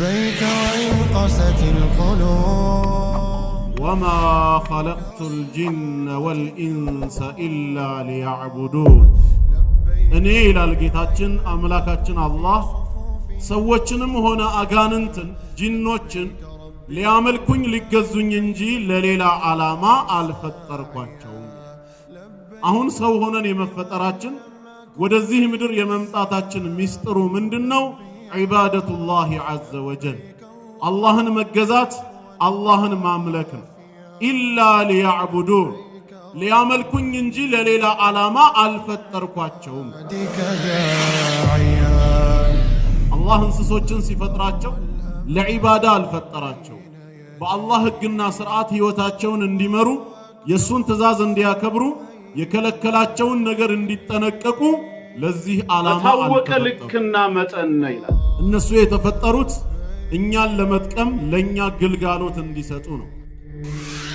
لبيك وانقست القلوب وما خلقت الجن والإنس إلا ليعبدون እኔ ይላል ጌታችን አምላካችን አላህ ሰዎችንም ሆነ አጋንንትን ጅኖችን ሊያመልኩኝ ሊገዙኝ እንጂ ለሌላ ዓላማ አልፈጠርኳቸውም። አሁን ሰው ሆነን የመፈጠራችን ወደዚህ ምድር የመምጣታችን ሚስጥሩ ምንድን ነው? ዒባደቱላሂ ዐዘ ወጀል አላህን መገዛት አላህን ማምለክ ነው። ኢላ ሊያዕቡዱን ሊያመልኩኝ እንጂ ለሌላ ዓላማ አልፈጠርኳቸውም። አላህ እንስሶችን ሲፈጥራቸው ለዒባዳ አልፈጠራቸው። በአላህ ሕግና ሥርዓት ሕይወታቸውን እንዲመሩ የእሱን ትእዛዝ እንዲያከብሩ የከለከላቸውን ነገር እንዲጠነቀቁ ለዚህ ዓላማ ታወቀ ልክና መጠን ነው ይላል። እነሱ የተፈጠሩት እኛን ለመጥቀም ለእኛ ግልጋሎት እንዲሰጡ ነው።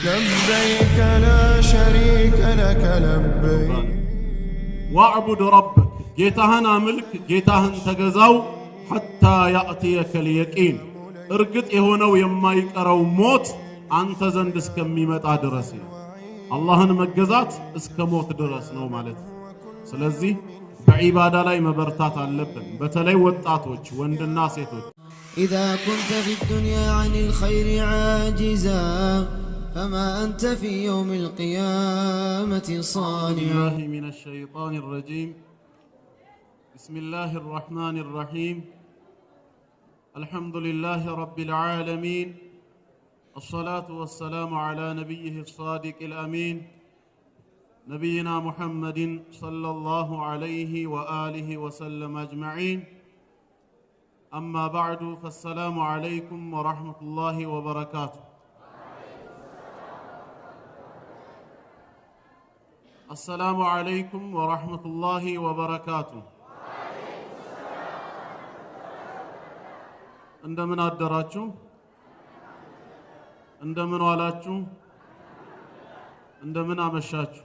ለበይከ ላ ሸሪከ ለከ ለበይክ ዋዕቡድ ረበክ፣ ጌታህን አምልክ፣ ጌታህን ተገዛው። ሐታ ያእትየከል የቂን፣ እርግጥ የሆነው የማይቀረው ሞት አንተ ዘንድ እስከሚመጣ ድረስ ነው አላህን መገዛት እስከ ሞት ድረስ ነው ማለት ነው። ስለዚህ በዒባዳ ላይ መበርታት አለብን። በተለይ ወጣቶች ወንድና ሴቶች إذا كنت في الدنيا عن الخير عاجزا فما أنت في يوم القيامة صانع الله من الشيطان الرجيم بسم الله الرحمن الرحيم الحمد لله رب العالمين الصلاة والسلام على نبيه الصادق الأمين نبينا محمد صلى الله عليه وآله وسلم أجمعين أما بعد فالسلام عليكم ورحمة الله وبركاته السلام عليكم ورحمة الله وبركاته እንደምን አደራችሁ? እንደምን ዋላችሁ? እንደምን አመሻችሁ?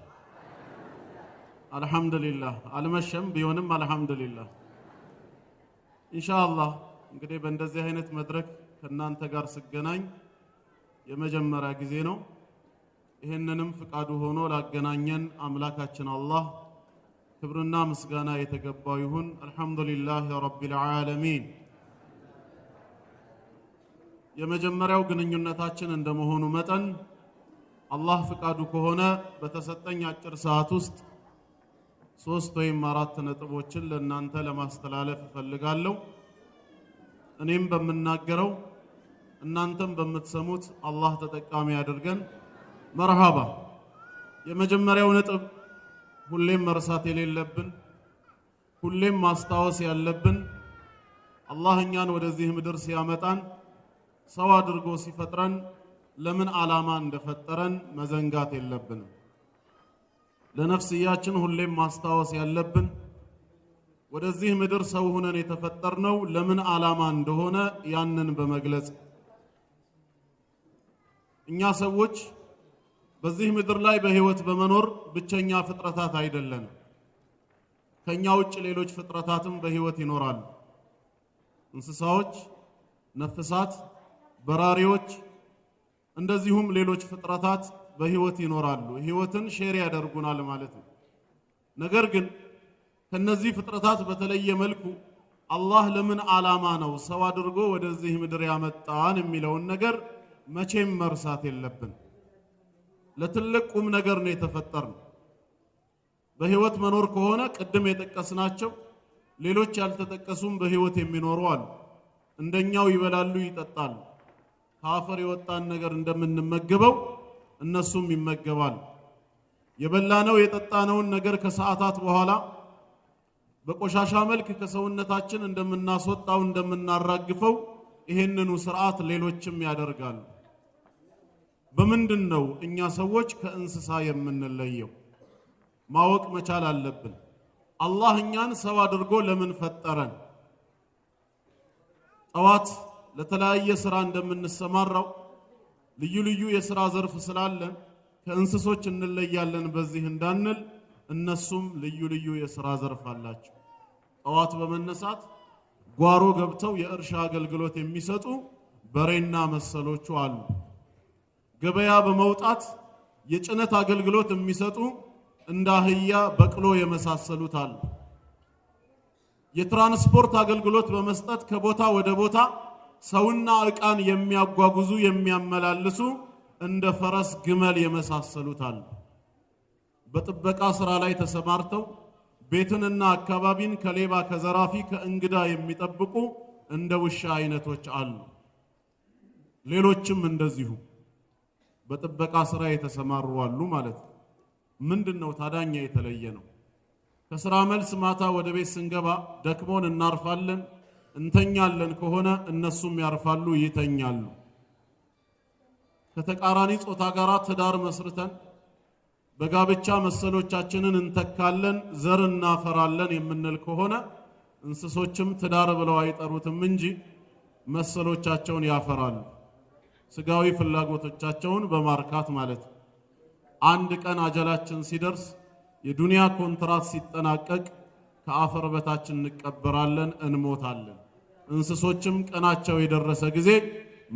አልሐምዱሊላህ አልመሸም። ቢሆንም አልሐምዱሊላህ ኢንሻአላህ እንግዲህ በእንደዚህ አይነት መድረክ ከእናንተ ጋር ስገናኝ የመጀመሪያ ጊዜ ነው። ይህንንም ፍቃዱ ሆኖ ላገናኘን አምላካችን አላህ ክብርና ምስጋና የተገባው ይሁን። አልሐምዱሊላህ ረቢል ዓለሚን። የመጀመሪያው ግንኙነታችን እንደመሆኑ መጠን አላህ ፍቃዱ ከሆነ በተሰጠኝ አጭር ሰዓት ውስጥ ሶስት ወይም አራት ነጥቦችን ለእናንተ ለማስተላለፍ እፈልጋለሁ። እኔም በምናገረው እናንተም በምትሰሙት አላህ ተጠቃሚ አድርገን። መርሃባ። የመጀመሪያው ነጥብ ሁሌም መርሳት የሌለብን ሁሌም ማስታወስ ያለብን አላህ እኛን ወደዚህ ምድር ሲያመጣን ሰው አድርጎ ሲፈጥረን ለምን ዓላማ እንደፈጠረን መዘንጋት የለብንም። ለነፍስያችን ሁሌም ማስታወስ ያለብን ወደዚህ ምድር ሰው ሆነን የተፈጠርነው ለምን ዓላማ እንደሆነ ያንን በመግለጽ እኛ ሰዎች በዚህ ምድር ላይ በሕይወት በመኖር ብቸኛ ፍጥረታት አይደለን? ከኛ ውጭ ሌሎች ፍጥረታትም በሕይወት ይኖራሉ። እንስሳዎች፣ ነፍሳት፣ በራሪዎች እንደዚሁም ሌሎች ፍጥረታት በህይወት ይኖራሉ፣ ህይወትን ሼር ያደርጉናል ማለት ነው። ነገር ግን ከነዚህ ፍጥረታት በተለየ መልኩ አላህ ለምን ዓላማ ነው ሰው አድርጎ ወደዚህ ምድር ያመጣን የሚለውን ነገር መቼም መርሳት የለብን። ለትልቅ ቁም ነገር ነው የተፈጠርነው። በህይወት መኖር ከሆነ ቅድም የጠቀስናቸው ሌሎች ያልተጠቀሱም በህይወት የሚኖሩ አሉ። እንደኛው ይበላሉ፣ ይጠጣሉ። ከአፈር የወጣን ነገር እንደምንመገበው? እነሱም ይመገባሉ። የበላነው የጠጣነውን ነገር ከሰዓታት በኋላ በቆሻሻ መልክ ከሰውነታችን እንደምናስወጣው እንደምናራግፈው ይህንኑ ስርዓት ሌሎችም ያደርጋሉ። በምንድን ነው እኛ ሰዎች ከእንስሳ የምንለየው? ማወቅ መቻል አለብን። አላህ እኛን ሰው አድርጎ ለምን ፈጠረን? ጠዋት ለተለያየ ስራ እንደምንሰማራው ልዩ ልዩ የሥራ ዘርፍ ስላለ ከእንስሶች እንለያለን በዚህ እንዳንል እነሱም ልዩ ልዩ የሥራ ዘርፍ አላቸው። ጠዋት በመነሳት ጓሮ ገብተው የእርሻ አገልግሎት የሚሰጡ በሬና መሰሎቹ አሉ። ገበያ በመውጣት የጭነት አገልግሎት የሚሰጡ እንደ አህያ፣ በቅሎ የመሳሰሉት አሉ። የትራንስፖርት አገልግሎት በመስጠት ከቦታ ወደ ቦታ ሰውና ዕቃን የሚያጓጉዙ የሚያመላልሱ እንደ ፈረስ፣ ግመል የመሳሰሉት አሉ። በጥበቃ ስራ ላይ ተሰማርተው ቤትንና አካባቢን ከሌባ ከዘራፊ፣ ከእንግዳ የሚጠብቁ እንደ ውሻ አይነቶች አሉ። ሌሎችም እንደዚሁ በጥበቃ ስራ የተሰማሩ አሉ ማለት ነው። ምንድነው ታዳኛ የተለየ ነው? ከስራ መልስ ማታ ወደ ቤት ስንገባ ደክሞን እናርፋለን። እንተኛለን ከሆነ እነሱም ያርፋሉ፣ ይተኛሉ። ከተቃራኒ ጾታ ጋር ትዳር መስርተን በጋብቻ መሰሎቻችንን እንተካለን፣ ዘር እናፈራለን የምንል ከሆነ እንስሶችም ትዳር ብለው አይጠሩትም እንጂ መሰሎቻቸውን ያፈራሉ። ስጋዊ ፍላጎቶቻቸውን በማርካት ማለት ነው። አንድ ቀን አጀላችን ሲደርስ የዱንያ ኮንትራት ሲጠናቀቅ ከአፈር በታችን እንቀበራለን፣ እንሞታለን። እንስሶችም ቀናቸው የደረሰ ጊዜ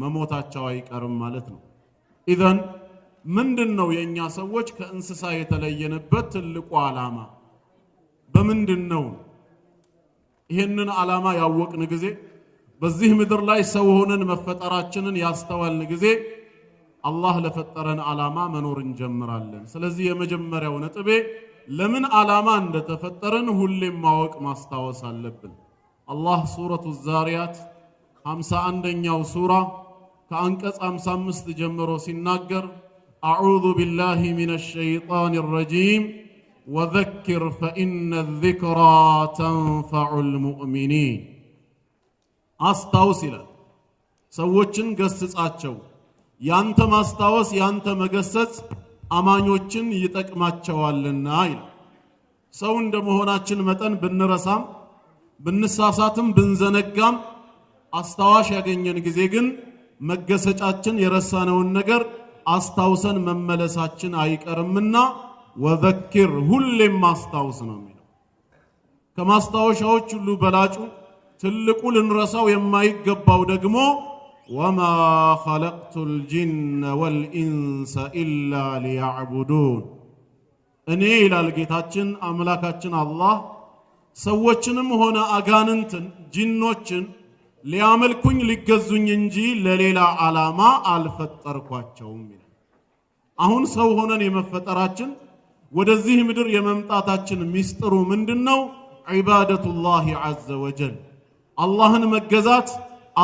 መሞታቸው አይቀርም ማለት ነው። ኢዘን ምንድን ነው የእኛ ሰዎች ከእንስሳ የተለየንበት ትልቁ ዓላማ በምንድን ነው? ይህንን ዓላማ ያወቅን ጊዜ በዚህ ምድር ላይ ሰው ሆነን መፈጠራችንን ያስተዋልን ጊዜ አላህ ለፈጠረን ዓላማ መኖር እንጀምራለን። ስለዚህ የመጀመሪያው ነጥቤ ለምን ዓላማ እንደተፈጠረን ሁሌም ማወቅ ማስታወስ አለብን። አላህ ሱረቱ ዛሪያት ሃምሳ አንደኛው ሱራ ከአንቀጽ ሃምሳ አምስት ጀምሮ ሲናገር አዑዙ ቢላሂ ሚነ ሸይጣን ረጂም ወዘኪር ፈኢነ ዚክራ ተንፈዑል ሙእሚኒን አስታውስ ይላል። ሰዎችን ገስጻቸው። ያንተ ማስታወስ፣ ያንተ መገሰጽ አማኞችን ይጠቅማቸዋልና ይላል። ሰው እንደመሆናችን መጠን ብንረሳም ብንሳሳትም ብንዘነጋም አስታዋሽ ያገኘን ጊዜ ግን መገሰጫችን የረሳነውን ነገር አስታውሰን መመለሳችን አይቀርምና ወዘኪር ሁሌም ማስታወስ ነው የሚለው። ከማስታወሻዎች ሁሉ በላጩ ትልቁ ልንረሳው የማይገባው ደግሞ ወማ ኸለቅቱል ጂነ ወልኢንሰ ኢላ ሊያዕቡዱን እኔ ይላል ጌታችን አምላካችን አላህ ሰዎችንም ሆነ አጋንንትን ጂኖችን ሊያመልኩኝ ሊገዙኝ እንጂ ለሌላ ዓላማ አልፈጠርኳቸውም ይላል። አሁን ሰው ሆነን የመፈጠራችን ወደዚህ ምድር የመምጣታችን ሚስጥሩ ምንድነው? ዒባደቱላሂ ዐዘ ወጀል አላህን መገዛት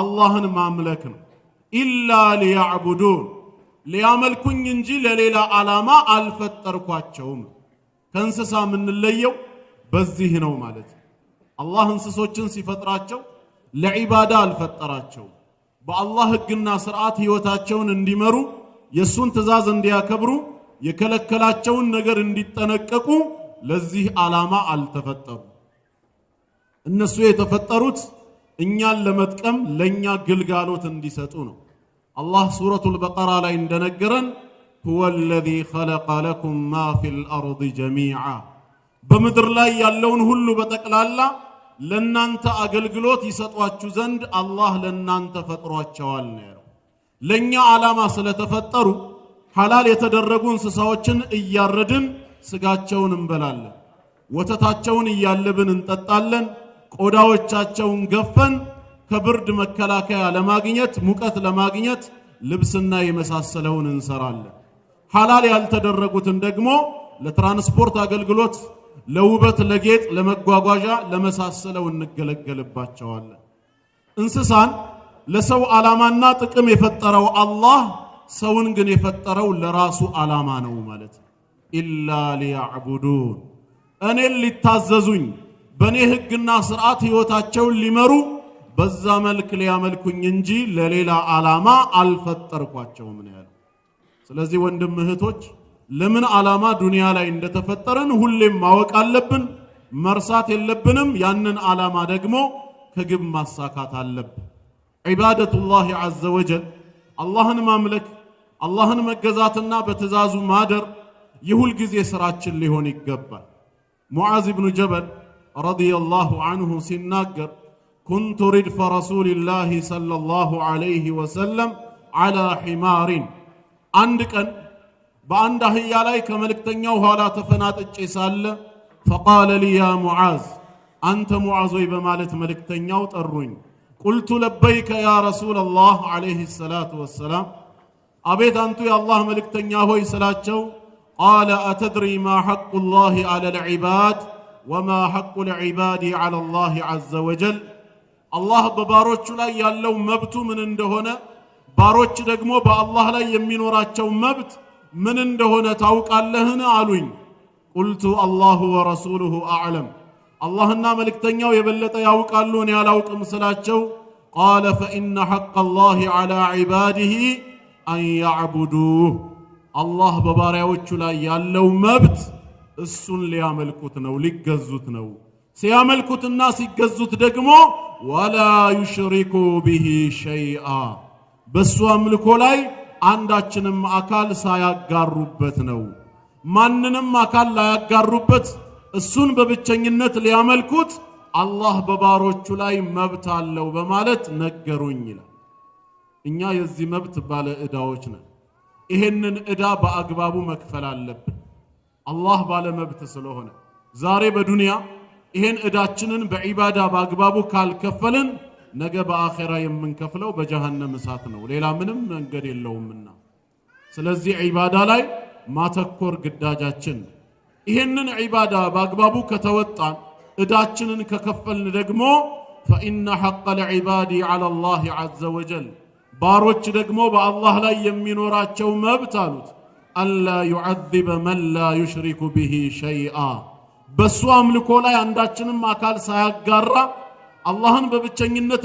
አላህን ማምለክ ነው። ኢላ ሊያዕቡዱን ሊያመልኩኝ እንጂ ለሌላ ዓላማ አልፈጠርኳቸውም። ከእንስሳ የምንለየው በዚህ ነው ማለት አላህ እንስሶችን ሲፈጥራቸው ለዒባዳ አልፈጠራቸው በአላህ ህግና ስርዓት ህይወታቸውን እንዲመሩ የሱን ትእዛዝ እንዲያከብሩ የከለከላቸውን ነገር እንዲጠነቀቁ ለዚህ ዓላማ አልተፈጠሩ። እነሱ የተፈጠሩት እኛን ለመጥቀም ለኛ ግልጋሎት እንዲሰጡ ነው። አላህ ሱረቱል በቀራ ላይ እንደነገረን ሁወ الذي خلق لكم ما في الأرض جميعا በምድር ላይ ያለውን ሁሉ በጠቅላላ ለናንተ አገልግሎት ይሰጧችሁ ዘንድ አላህ ለናንተ ፈጥሯቸዋል ነው። ለኛ ዓላማ ስለተፈጠሩ ሐላል የተደረጉ እንስሳዎችን እያረድን ስጋቸውን እንበላለን፣ ወተታቸውን እያለብን እንጠጣለን። ቆዳዎቻቸውን ገፈን ከብርድ መከላከያ ለማግኘት ሙቀት ለማግኘት ልብስና የመሳሰለውን እንሰራለን። ሐላል ያልተደረጉትን ደግሞ ለትራንስፖርት አገልግሎት ለውበት፣ ለጌጥ፣ ለመጓጓዣ ለመሳሰለው እንገለገልባቸዋለን። እንስሳን ለሰው ዓላማና ጥቅም የፈጠረው አላህ ሰውን ግን የፈጠረው ለራሱ ዓላማ ነው ማለት ኢላ ሊያዕቡዱን እኔን ሊታዘዙኝ በእኔ ሕግና ስርዓት ሕይወታቸውን ሊመሩ በዛ መልክ ሊያመልኩኝ እንጂ ለሌላ ዓላማ አልፈጠርኳቸውም ነው ያለው። ስለዚህ ወንድም እህቶች ለምን ዓላማ ዱንያ ላይ እንደተፈጠረን ሁሌም ማወቅ አለብን፣ መርሳት የለብንም። ያንን ዓላማ ደግሞ ከግብ ማሳካት አለብን። ዒባደቱላሂ ዐዘ ወጀል አላህን ማምለክ አላህን መገዛትና በትዕዛዙ ማደር የሁል ጊዜ ስራችን ሊሆን ይገባል። ሙዓዝ ብኑ ጀበል ረዲየላሁ ዐንሁ ሲናገር ኩንቱ ሪድፈ ረሱሊላሂ ሰለላሁ ዐለይሂ ወሰለም ዐላ ሒማሪን አንድ ቀን በአንድ አህያ ላይ ከመልእክተኛው ኋላ ተፈናጥጬ ሳለ ፈቃለ ሊ ያ ሙዓዝ አንተ ሙዓዝ ወይ በማለት መልእክተኛው ጠሩኝ። ቁልቱ ለበይከ ያ ረሱለላህ ዓለይሂ ሰላቱ ወሰላም። አቤት አንቱ የአላህ መልእክተኛ ሆይ ስላቸው፣ ቃለ አተድሪ ማ ሐቁ ላህ ዓላ ልዕባድ ወማ ሐቁ ልዕባድ ዓላ ላህ ዐዘ ወጀል። አላህ በባሮቹ ላይ ያለው መብቱ ምን እንደሆነ፣ ባሮች ደግሞ በአላህ ላይ የሚኖራቸው መብት ምን እንደሆነ ታውቃለህን አሉኝ። ቁልቱ አላሁ ወረሱሉሁ አዕለም፣ አላህና መልእክተኛው የበለጠ ያውቃሉ፣ እኔ አላውቅም ስላቸው፣ ቃለ ፈኢነ ሐቅ አላህ ዐላ ዒባዲህ አን ያዕቡዱህ፣ አላህ በባሪያዎቹ ላይ ያለው መብት እሱን ሊያመልኩት ነው፣ ሊገዙት ነው። ሲያመልኩትና ሲገዙት ደግሞ ወላ ዩሽሪኩ ብሂ ሸይአ በእሱ አምልኮ ላይ አንዳችንም አካል ሳያጋሩበት ነው። ማንንም አካል ላያጋሩበት እሱን በብቸኝነት ሊያመልኩት አላህ በባሮቹ ላይ መብት አለው በማለት ነገሩኝ ይላል። እኛ የዚህ መብት ባለ ዕዳዎች ነን። ይሄንን ዕዳ በአግባቡ መክፈል አለብን። አላህ ባለ መብት ስለሆነ ዛሬ በዱንያ ይሄን ዕዳችንን በዒባዳ በአግባቡ ካልከፈልን ነገ በአኼራ የምንከፍለው በጀሃነም እሳት ነው። ሌላ ምንም መንገድ የለውምና ስለዚህ ዒባዳ ላይ ማተኮር ግዳጃችን። ይህንን ዒባዳ በአግባቡ ከተወጣን እዳችንን ከከፈልን ደግሞ ፈኢነ ሐቀል ዒባዲ ዐላ ላህ ዐዘ ወጀል ባሮች ደግሞ በአላህ ላይ የሚኖራቸው መብት አሉት አላ ዩዐዚበ መን ላ ዩሽሪኩ ብሂ ሸይአ በእሱ አምልኮ ላይ አንዳችንም አካል ሳያጋራ አላህን በብቸኝነት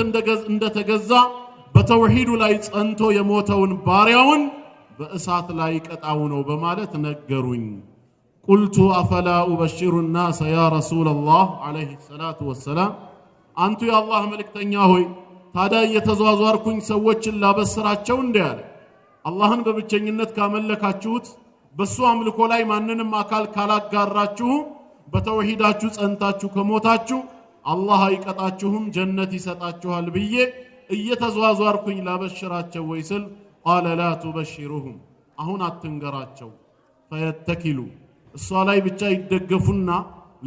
እንደተገዛ በተውሂዱ ላይ ጸንቶ የሞተውን ባሪያውን በእሳት ላይ ቀጣው ነው በማለት ነገሩኝ። ቁልቱ አፈላ ኡበሽሩ ናሰ ያ ረሱለላህ ዓለይሂ ሰላቱ ወሰላም፣ አንቱ የአላህ መልእክተኛ ሆይ ታዲያ እየተዟዟርኩኝ ሰዎችን ላበስራቸው? እንዲህ አለ። አላህን በብቸኝነት ካመለካችሁት በሱ አምልኮ ላይ ማንንም አካል ካላጋራችሁ፣ በተውሂዳችሁ ጸንታችሁ ከሞታችሁ አላህ አይቀጣችሁም ጀነት ይሰጣችኋል ብዬ እየተዟዟርኩኝ ላበሽራቸው ወይ ስል ቃለ ላ ቱበሽሩሁም አሁን አትንገራቸው ፈየተኪሉ እሷ ላይ ብቻ ይደገፉና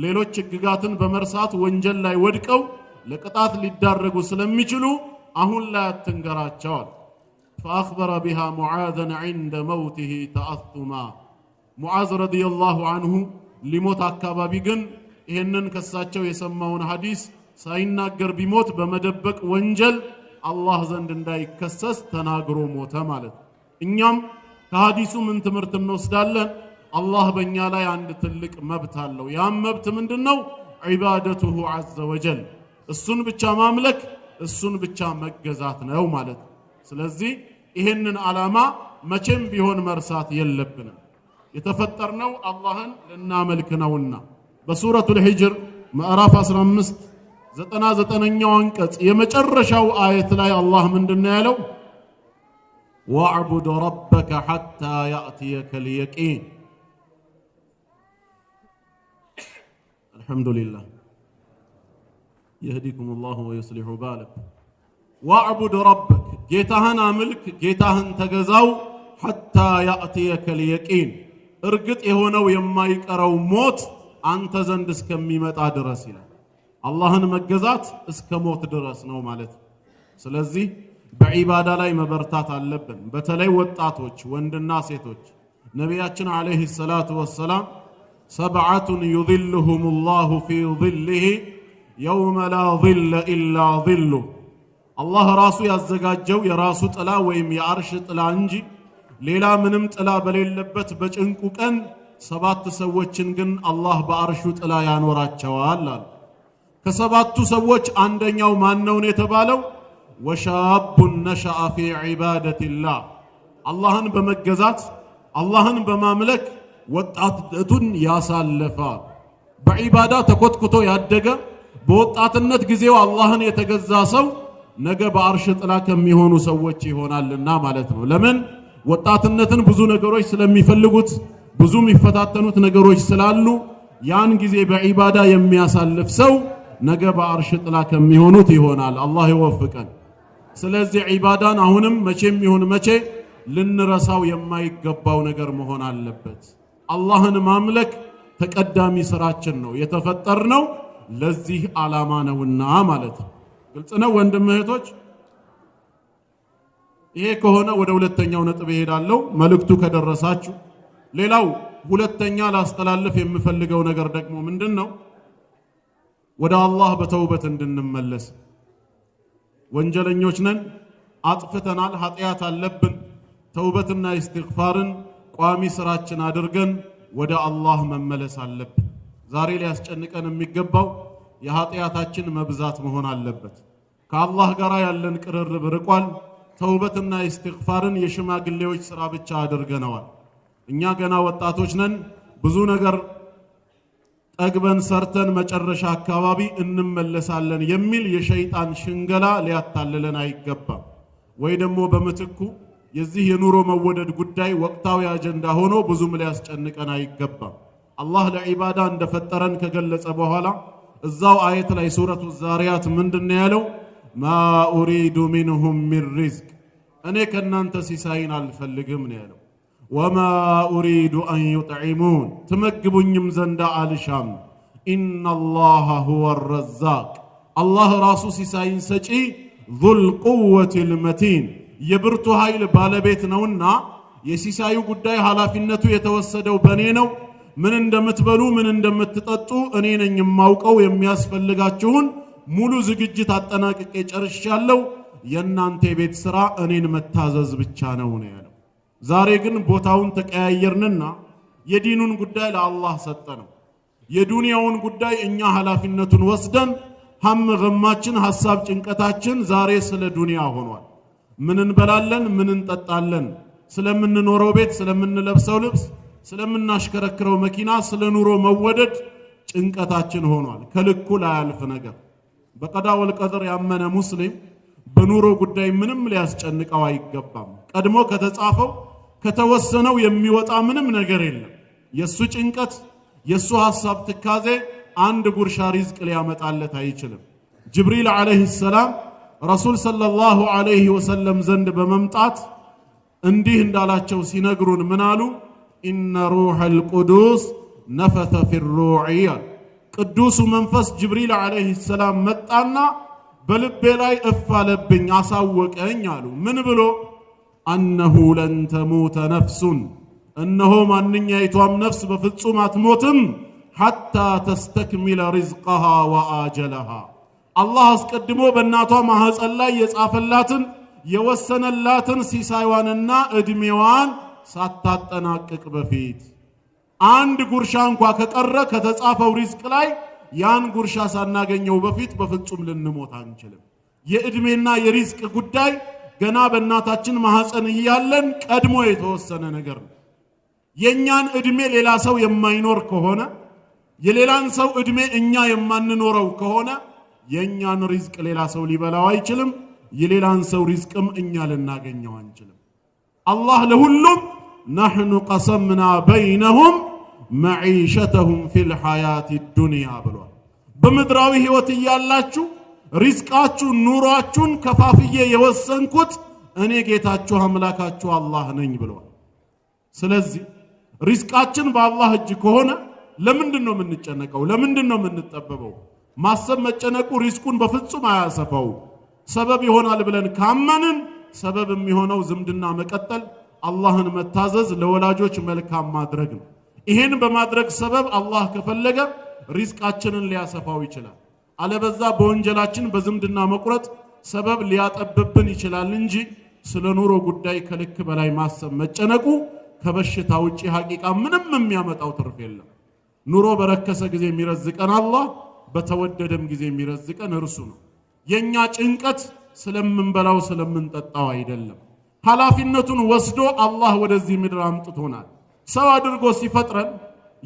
ሌሎች ህግጋትን በመርሳት ወንጀል ላይ ወድቀው ለቅጣት ሊዳረጉ ስለሚችሉ አሁን ላይ አትንገራቸዋል። ፈአኽበረ ቢሃ ሙዓዘን ዒንደ መውቲሂ ተአቱማ ሙዓዝ ረዲየላሁ አንሁ ሊሞት አካባቢ ግን ይህንን ከሳቸው የሰማውን ሐዲስ ሳይናገር ቢሞት በመደበቅ ወንጀል አላህ ዘንድ እንዳይከሰስ ተናግሮ ሞተ ማለት እኛም ከሐዲሱ ምን ትምህርት እንወስዳለን? አላህ በእኛ ላይ አንድ ትልቅ መብት አለው። ያም መብት ምንድን ነው? ዒባደቱሁ ዐዘ ወጀል፣ እሱን ብቻ ማምለክ፣ እሱን ብቻ መገዛት ነው ማለት ነው። ስለዚህ ይህንን ዓላማ መቼም ቢሆን መርሳት የለብንም። የተፈጠርነው አላህን ልናመልክ ነውና በሱረቱል ሂጅር ምዕራፍ 15 ዘጠና ዘጠነኛው አንቀጽ የመጨረሻው አየት ላይ አላህ ምንድነው ያለው? ወዕቡድ ረበከ ሐታ ያእትየከል የቂን። አልሐምዱሊላህ የህዲኩም አላሁ ወየስሊሑ ባለክ። ወዕቡድ ረበክ ጌታህን አምልክ፣ ጌታህን ተገዛው። ሐታ ያእትየከል የቂን እርግጥ የሆነው የማይቀረው ሞት አንተ ዘንድ እስከሚመጣ ድረስ ይላል። አላህን መገዛት እስከ ሞት ድረስ ነው ማለት ነው። ስለዚህ በዒባዳ ላይ መበርታት አለብን። በተለይ ወጣቶች ወንድና ሴቶች ነቢያችን ዓለይሂ ሰላቱ ወሰላም ሰብዓቱን ዩዝልሁም ላሁ ፊ ዝልህ የውመ ላ ዝለ ኢላ ዝሉ አላህ ራሱ ያዘጋጀው የራሱ ጥላ ወይም የአርሽ ጥላ እንጂ ሌላ ምንም ጥላ በሌለበት በጭንቁ ቀን ሰባት ሰዎችን ግን አላህ በአርሹ ጥላ ያኖራቸዋል አሉ። ከሰባቱ ሰዎች አንደኛው ማነውን የተባለው ወሻቡን ነሸአ ፊ ዒባደቲላህ አላህን በመገዛት አላህን በማምለክ ወጣቱን ያሳለፈ በዒባዳ ተኮትኩቶ ያደገ በወጣትነት ጊዜው አላህን የተገዛ ሰው ነገ በአርሽ ጥላ ከሚሆኑ ሰዎች ይሆናልና ማለት ነው። ለምን ወጣትነትን ብዙ ነገሮች ስለሚፈልጉት ብዙ የሚፈታተኑት ነገሮች ስላሉ ያን ጊዜ በዒባዳ የሚያሳልፍ ሰው ነገ በአርሽ ጥላ ከሚሆኑት ይሆናል። አላህ ይወፍቀን። ስለዚህ ዒባዳን አሁንም መቼም ይሁን መቼ ልንረሳው የማይገባው ነገር መሆን አለበት። አላህን ማምለክ ተቀዳሚ ስራችን ነው። የተፈጠር ነው ለዚህ ዓላማ ነውና ማለት ነው። ግልጽ ነው ወንድም እህቶች። ይሄ ከሆነ ወደ ሁለተኛው ነጥብ እሄዳለሁ። መልእክቱ ከደረሳችሁ ሌላው ሁለተኛ ላስተላልፍ የምፈልገው ነገር ደግሞ ምንድን ነው? ወደ አላህ በተውበት እንድንመለስ። ወንጀለኞች ነን፣ አጥፍተናል፣ ኃጢአት አለብን። ተውበትና ኢስቲግፋርን ቋሚ ስራችን አድርገን ወደ አላህ መመለስ አለብን። ዛሬ ሊያስጨንቀን የሚገባው የኃጢአታችን መብዛት መሆን አለበት። ከአላህ ጋር ያለን ቅርርብ ርቋል። ተውበትና ኢስቲግፋርን የሽማግሌዎች ስራ ብቻ አድርገነዋል። እኛ ገና ወጣቶች ነን። ብዙ ነገር ጠግበን ሰርተን መጨረሻ አካባቢ እንመለሳለን የሚል የሸይጣን ሽንገላ ሊያታልለን አይገባም። ወይ ደግሞ በምትኩ የዚህ የኑሮ መወደድ ጉዳይ ወቅታዊ አጀንዳ ሆኖ ብዙም ሊያስጨንቀን አይገባም። አላህ ለዒባዳ እንደፈጠረን ከገለጸ በኋላ እዛው አየት ላይ ሱረቱ ዛሪያት ምንድን ያለው? ማ ኡሪዱ ሚንሁም ሚን ሪዝቅ፣ እኔ ከእናንተ ሲሳይን አልፈልግም ነው ያለው። ወማ ኡሪዱ አን ዩጥዒሙን ትመግቡኝም ዘንዳ አልሻም። ኢነላሃ ሁወ ረዛቅ አላህ ራሱ ሲሳይን ሰጪ ዙል ቁወቲል መቲን የብርቱ ኃይል ባለቤት ነውና የሲሳዩ ጉዳይ ኃላፊነቱ የተወሰደው በእኔ ነው። ምን እንደምትበሉ ምን እንደምትጠጡ እኔ ነኝ የማውቀው። የሚያስፈልጋችሁን ሙሉ ዝግጅት አጠናቅቄ ጨርሻለሁ። የእናንተ የቤት ሥራ እኔን መታዘዝ ብቻ ነው ነው ያለ ዛሬ ግን ቦታውን ተቀያየርንና የዲኑን ጉዳይ ለአላህ ሰጠነው። የዱንያውን ጉዳይ እኛ ኃላፊነቱን ወስደን ሀም ገማችን፣ ሐሳብ ጭንቀታችን ዛሬ ስለ ዱንያ ሆኗል። ምን እንበላለን፣ ምን እንጠጣለን፣ ስለምንኖረው ቤት፣ ስለምንለብሰው ልብስ፣ ስለምናሽከረክረው መኪና፣ ስለ ኑሮ መወደድ ጭንቀታችን ሆኗል። ከልኩ ላያልፍ ነገር በቀዳ ወልቀድር ያመነ ሙስሊም በኑሮ ጉዳይ ምንም ሊያስጨንቀው አይገባም። ቀድሞ ከተጻፈው ከተወሰነው የሚወጣ ምንም ነገር የለም። የሱ ጭንቀት፣ የሱ ሐሳብ፣ ትካዜ አንድ ጉርሻ ሪዝቅ ሊያመጣለት አይችልም። ጅብሪል ዓለይሂ ሰላም ረሱል ሰለላሁ ዓለይህ ወሰለም ዘንድ በመምጣት እንዲህ እንዳላቸው ሲነግሩን ምን አሉ? ኢነ ሩሐል ቅዱስ ነፈተ ፊሩዒ አሉ። ቅዱሱ መንፈስ ጅብሪል ዓለይሂ ሰላም መጣና በልቤ ላይ እፍ አለብኝ፣ አሳወቀኝ አሉ። ምን ብሎ አነሁ ለን ተሙተ ነፍሱን እነሆ ማንኛይቷም ነፍስ በፍጹም አትሞትም፣ ሐታ ተስተክሚለ ሪዝቀሃ ወአጀለሃ አላህ አስቀድሞ በእናቷ ማህፀን ላይ የጻፈላትን የወሰነላትን ሲሳይዋንና ዕድሜዋን ሳታጠናቅቅ በፊት አንድ ጉርሻ እንኳ ከቀረ ከተጻፈው ሪዝቅ ላይ ያን ጉርሻ ሳናገኘው በፊት በፍጹም ልንሞት አንችልም። የዕድሜና የሪዝቅ ጉዳይ ገና በእናታችን ማህፀን እያለን ቀድሞ የተወሰነ ነገር ነው። የእኛን ዕድሜ ሌላ ሰው የማይኖር ከሆነ የሌላን ሰው ዕድሜ እኛ የማንኖረው ከሆነ የእኛን ሪዝቅ ሌላ ሰው ሊበላው አይችልም። የሌላን ሰው ሪዝቅም እኛ ልናገኘው አንችልም። አላህ ለሁሉም ነሕኑ ቀሰምና በይነሁም መዒሸተሁም ፊል ሐያቲ ዱንያ ብሏል። በምድራዊ ሕይወት እያላችሁ ሪዝቃችሁን ኑሯችሁን ከፋፍዬ የወሰንኩት እኔ ጌታችሁ አምላካችሁ አላህ ነኝ ብለዋል። ስለዚህ ሪዝቃችን በአላህ እጅ ከሆነ ለምንድን ነው የምንጨነቀው? ለምንድን ነው የምንጠበበው? ማሰብ መጨነቁ ሪዝቁን በፍጹም አያሰፋው። ሰበብ ይሆናል ብለን ካመንን ሰበብ የሚሆነው ዝምድና መቀጠል፣ አላህን መታዘዝ፣ ለወላጆች መልካም ማድረግ ነው። ይሄን በማድረግ ሰበብ አላህ ከፈለገ ሪዝቃችንን ሊያሰፋው ይችላል። አለበዛ በወንጀላችን በዝምድና መቁረጥ ሰበብ ሊያጠብብን ይችላል እንጂ ስለ ኑሮ ጉዳይ ከልክ በላይ ማሰብ መጨነቁ ከበሽታ ውጪ ሐቂቃ ምንም የሚያመጣው ትርፍ የለም። ኑሮ በረከሰ ጊዜ የሚረዝቀን አላህ፣ በተወደደም ጊዜ የሚረዝቀን እርሱ ነው። የእኛ ጭንቀት ስለምንበላው ስለምንጠጣው አይደለም። ኃላፊነቱን ወስዶ አላህ ወደዚህ ምድር አምጥቶናል። ሰው አድርጎ ሲፈጥረን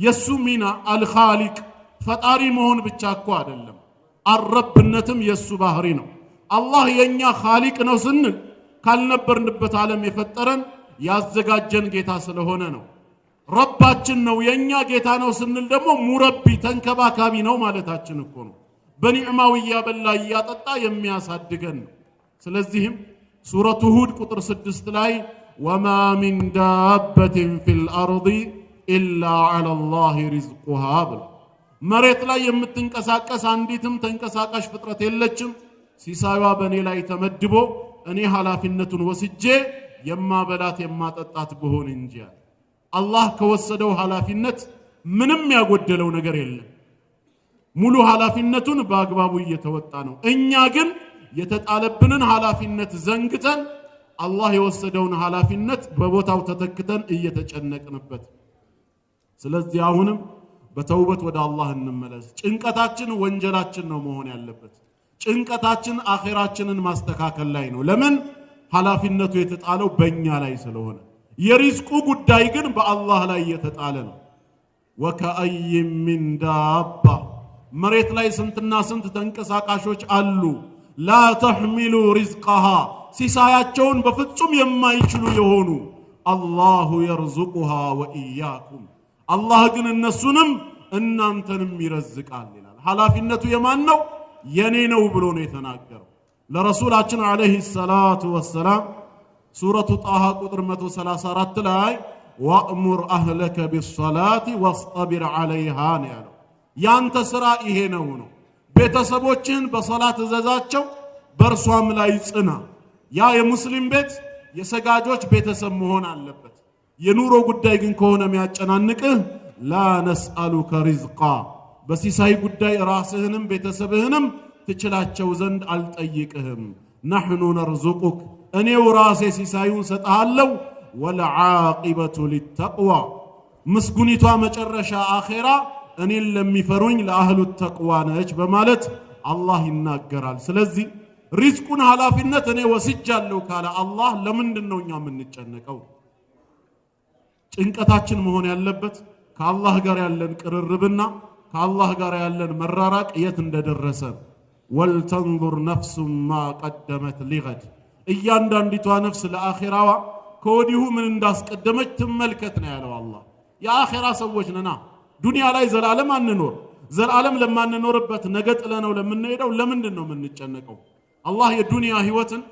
የሱ ሚና አልኻሊቅ ፈጣሪ መሆን ብቻ እኮ አይደለም አረብነትም የእሱ ባህሪ ነው። አላህ የእኛ ኻሊቅ ነው ስንል ካልነበርንበት ዓለም የፈጠረን ያዘጋጀን ጌታ ስለሆነ ነው። ረባችን ነው የእኛ ጌታ ነው ስንል ደግሞ ሙረቢ ተንከባካቢ ነው ማለታችን እኮ ነው። በኒዕማው እያበላ እያጠጣ የሚያሳድገን ነው። ስለዚህም ሱረቱ ሁድ ቁጥር ስድስት ላይ ወማ ሚን ዳበትን ፊል አርዲ ኢላ ዐለላሂ ሪዝቁሃ ብሎ መሬት ላይ የምትንቀሳቀስ አንዲትም ተንቀሳቃሽ ፍጥረት የለችም። ሲሳዩዋ በእኔ ላይ ተመድቦ እኔ ኃላፊነቱን ወስጄ የማበላት የማጠጣት ብሆን እንጂ አላህ ከወሰደው ኃላፊነት ምንም ያጎደለው ነገር የለም። ሙሉ ኃላፊነቱን በአግባቡ እየተወጣ ነው። እኛ ግን የተጣለብንን ኃላፊነት ዘንግተን አላህ የወሰደውን ኃላፊነት በቦታው ተተክተን እየተጨነቅንበት ስለዚህ አሁንም በተውበት ወደ አላህ እንመለስ። ጭንቀታችን ወንጀላችን ነው መሆን ያለበት። ጭንቀታችን አኼራችንን ማስተካከል ላይ ነው። ለምን ኃላፊነቱ የተጣለው በእኛ ላይ ስለሆነ፣ የሪዝቁ ጉዳይ ግን በአላህ ላይ የተጣለ ነው። ወከአይ ምን ዳባ መሬት ላይ ስንትና ስንት ተንቀሳቃሾች አሉ። ላ ተሕሚሉ ሪዝቀሃ ሲሳያቸውን በፍጹም የማይችሉ የሆኑ አላሁ የርዝቁሃ ወኢያኩም አላህ ግን እነሱንም እናንተንም ይረዝቃል ይላል። ኃላፊነቱ የማን ነው? የኔ ነው ብሎ ነው የተናገረው። ለረሱላችን ዓለይሂ ሰላቱ ወሰላም ሱረቱ ጣሃ ቁጥር 134 ላይ ወእሙር አህለከ ቢሰላቲ ወስጠቢር ዓለይሃ ነው ያለው። ያንተ ሥራ ይሄ ነው ነው ቤተሰቦችህን በሰላት እዘዛቸው፣ በእርሷም ላይ ጽና። ያ የሙስሊም ቤት የሰጋጆች ቤተሰብ መሆን አለበት። የኑሮ ጉዳይ ግን ከሆነ የሚያጨናንቅህ ላ ነስአሉከ ሪዝቃ በሲሳይ ጉዳይ ራስህንም ቤተሰብህንም ትችላቸው ዘንድ አልጠይቅህም። ናሕኑ ነርዙቁክ እኔው ራሴ ሲሳዩን ሰጠሃለው። ወልዓቂበቱ ሊተቅዋ ምስጉኒቷ መጨረሻ አኼራ እኔን ለሚፈሩኝ ለአህሉ ተቅዋ ነች በማለት አላህ ይናገራል። ስለዚህ ሪዝቁን ኃላፊነት እኔ ወስጃለሁ ካለ አላህ ለምንድን ነው እኛ የምንጨነቀው? ጭንቀታችን መሆን ያለበት ከአላህ ጋር ያለን ቅርርብና ከአላህ ጋር ያለን መራራቅ የት እንደደረሰ። ወልተንዙር ነፍሱ ማ ቀደመት ሊገድ፣ እያንዳንዲቷ ነፍስ ለአኼራዋ ከወዲሁ ምን እንዳስቀደመች ትመልከት ነው ያለው አላህ። የአኼራ ሰዎች ነና፣ ዱንያ ላይ ዘላለም አንኖር። ዘላለም ለማንኖርበት ነገ ጥለነው ለምንሄደው ለምንድን ነው የምንጨነቀው? አላህ የዱንያ ህይወትን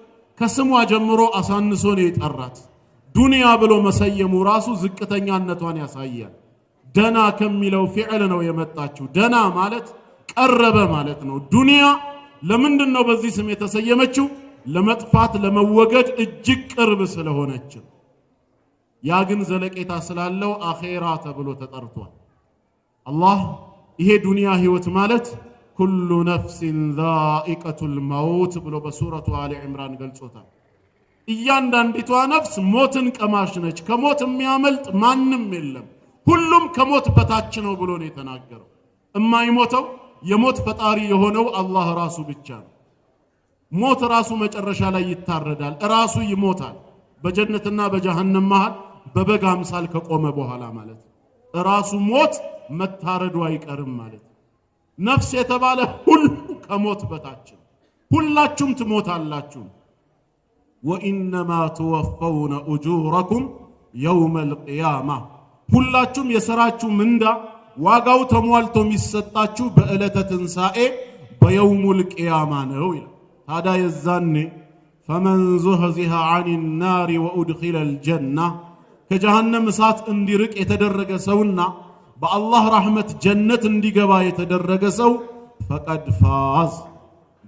ከስሟ ጀምሮ አሳንሶ ነው የጠራት። ዱንያ ብሎ መሰየሙ ራሱ ዝቅተኛነቷን ያሳያል። ደና ከሚለው ፊዕል ነው የመጣችው። ደና ማለት ቀረበ ማለት ነው። ዱንያ ለምንድን ነው በዚህ ስም የተሰየመችው? ለመጥፋት ለመወገድ እጅግ ቅርብ ስለሆነች። ያ ግን ዘለቄታ ስላለው አኼራ ተብሎ ተጠርቷል። አላህ ይሄ ዱንያ ህይወት ማለት ኩሉ ነፍሲን ዛኢቀቱል መውት ብሎ በሱረቱ አሊ ዕምራን ገልጾታል። እያንዳንዲቷ ነፍስ ሞትን ቀማሽ ነች፣ ከሞት የሚያመልጥ ማንም የለም፣ ሁሉም ከሞት በታች ነው ብሎ ነው የተናገረው። እማይሞተው የሞት ፈጣሪ የሆነው አላህ ራሱ ብቻ ነው። ሞት ራሱ መጨረሻ ላይ ይታረዳል፣ ራሱ ይሞታል። በጀነትና በጀሃነም መሃል በበግ አምሳል ከቆመ በኋላ ማለት ራሱ ሞት መታረዱ አይቀርም ማለት ነፍስ የተባለ ሁሉ ከሞት በታች ነው። ሁላችሁም ትሞታላችሁ። ወኢነማ ትወፈውነ ኡጁረኩም የውመል ቅያማ ሁላችሁም የሥራችሁ ምንዳ ዋጋው ተሟልቶ የሚሰጣችሁ በዕለተ ትንሣኤ በየውሙል ቅያማ ነው ይላል። ታዲያ የዛኔ ፈመን ዙህዚሃ አን ናሪ ወኡድኺለ ልጀና ከጀሃነም እሳት እንዲርቅ የተደረገ ሰውና በአላህ ራሕመት ጀነት እንዲገባ የተደረገ ሰው ፈቀድ ፋዝ፣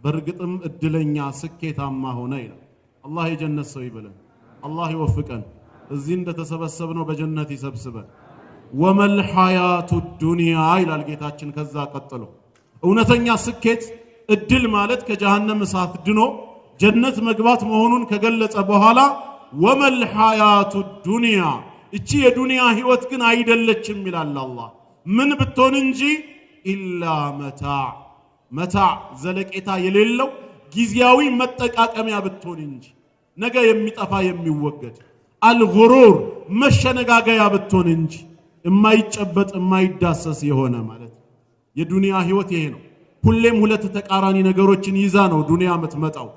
በእርግጥም እድለኛ ስኬታማ ሆነ ይላል። አላህ የጀነት ሰው ይበለን። አላህ ይወፍቀን። እዚህ እንደተሰበሰብነው በጀነት ይሰብስበን። ወመል ሐያቱ ዱንያ ይላል ጌታችን። ከዛ ቀጥሎ እውነተኛ ስኬት እድል ማለት ከጀሃነም እሳት ድኖ ጀነት መግባት መሆኑን ከገለጸ በኋላ ወመል ሐያቱ ዱንያ እቺ የዱንያ ህይወት ግን አይደለችም ይላል አላህ። ምን ብትሆን እንጂ ኢላ መታዕ መታዕ ዘለቄታ የሌለው ጊዜያዊ መጠቃቀሚያ ብትሆን እንጂ ነገ የሚጠፋ የሚወገድ አልጉሩር መሸነጋገያ ብትሆን እንጂ የማይጨበጥ የማይዳሰስ የሆነ ማለት የዱንያ ህይወት ይሄ ነው። ሁሌም ሁለት ተቃራኒ ነገሮችን ይዛ ነው ዱንያ የምትመጣው።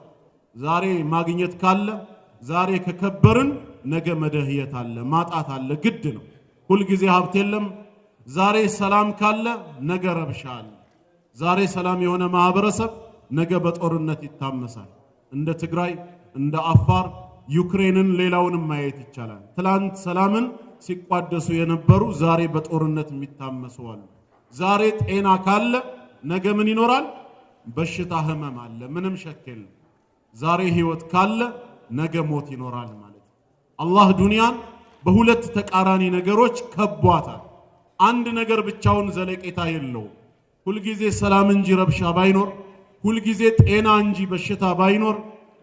ዛሬ ማግኘት ካለ ዛሬ ከከበርን ነገ መደህየት አለ፣ ማጣት አለ፣ ግድ ነው። ሁልጊዜ ሀብት የለም። ዛሬ ሰላም ካለ ነገ ረብሻ አለ። ዛሬ ሰላም የሆነ ማህበረሰብ ነገ በጦርነት ይታመሳል። እንደ ትግራይ፣ እንደ አፋር፣ ዩክሬንን፣ ሌላውንም ማየት ይቻላል። ትላንት ሰላምን ሲቋደሱ የነበሩ ዛሬ በጦርነት የሚታመሱ አሉ። ዛሬ ጤና ካለ ነገ ምን ይኖራል? በሽታ፣ ህመም አለ። ምንም ሸክ የለም። ዛሬ ህይወት ካለ ነገ ሞት ይኖራል ማለት ነው። አላህ ዱንያን በሁለት ተቃራኒ ነገሮች ከቧታል። አንድ ነገር ብቻውን ዘለቄታ የለውም። ሁልጊዜ ሰላም እንጂ ረብሻ ባይኖር ሁልጊዜ ጤና እንጂ በሽታ ባይኖር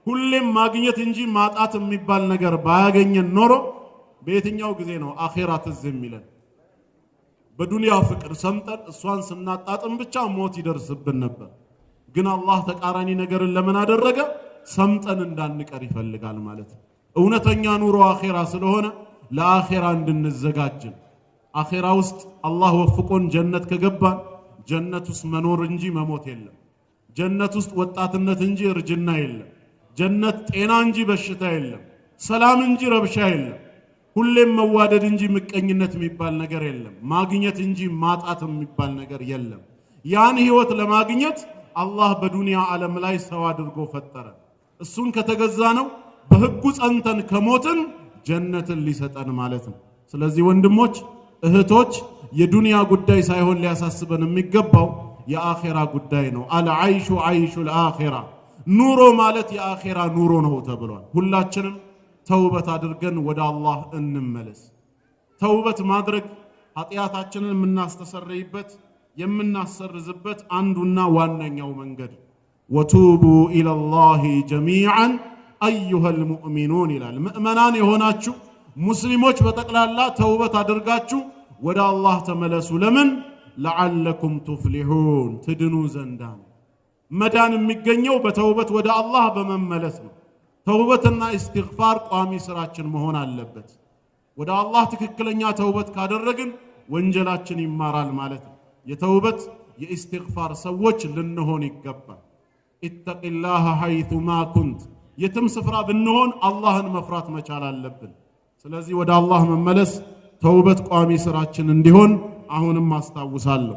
ሁሌም ማግኘት እንጂ ማጣት የሚባል ነገር ባያገኘን ኖሮ በየትኛው ጊዜ ነው አኼራ ትዝ የሚለን? በዱንያ ፍቅር ሰምጠን እሷን ስናጣጥም ብቻ ሞት ይደርስብን ነበር። ግን አላህ ተቃራኒ ነገርን ለምን አደረገ? ሰምጠን እንዳንቀር ይፈልጋል ማለት ነው። እውነተኛ ኑሮ አኼራ ስለሆነ ለአኼራ እንድንዘጋጅን አኼራ ውስጥ አላህ ወፍቆን ጀነት ከገባን ጀነት ውስጥ መኖር እንጂ መሞት የለም። ጀነት ውስጥ ወጣትነት እንጂ እርጅና የለም። ጀነት ጤና እንጂ በሽታ የለም። ሰላም እንጂ ረብሻ የለም። ሁሌም መዋደድ እንጂ ምቀኝነት የሚባል ነገር የለም። ማግኘት እንጂ ማጣት የሚባል ነገር የለም። ያን ህይወት ለማግኘት አላህ በዱንያ ዓለም ላይ ሰው አድርጎ ፈጠረ። እሱን ከተገዛ ነው በህጉ ጸንተን ከሞትን ጀነትን ሊሰጠን ማለት ነው። ስለዚህ ወንድሞች እህቶች፣ የዱንያ ጉዳይ ሳይሆን ሊያሳስበን የሚገባው የአኼራ ጉዳይ ነው። አልዓይሹ ዓይሹ ልአኼራ ኑሮ ማለት የአኼራ ኑሮ ነው ተብሏል። ሁላችንም ተውበት አድርገን ወደ አላህ እንመለስ። ተውበት ማድረግ ኃጢአታችንን የምናስተሰርይበት የምናሰርዝበት አንዱና ዋነኛው መንገድ ወቱቡ ኢለላሂ ጀሚዓን አዩሃል ሙእሚኑን ይላል። ምእመናን የሆናችሁ ሙስሊሞች በጠቅላላ ተውበት አድርጋችሁ ወደ አላህ ተመለሱ። ለምን لعلكم تفلحون تدنو زندان مدان مجنيو بتوبة ودا الله بمن ملثم توبة استغفار قامي سراتشن مهون اللبت ودا الله تككلن يا توبة كاد الرقن وانجلاتشن يمارا المالت يا توبة يا استغفار سوتش لنهون يكبا اتق الله حيث ما كنت يتم سفرا بالنهون الله المفرات ما شال اللبن سلازي ودا الله من ملس توبة قامي سراتشن اندهون አሁንም አስታውሳለሁ።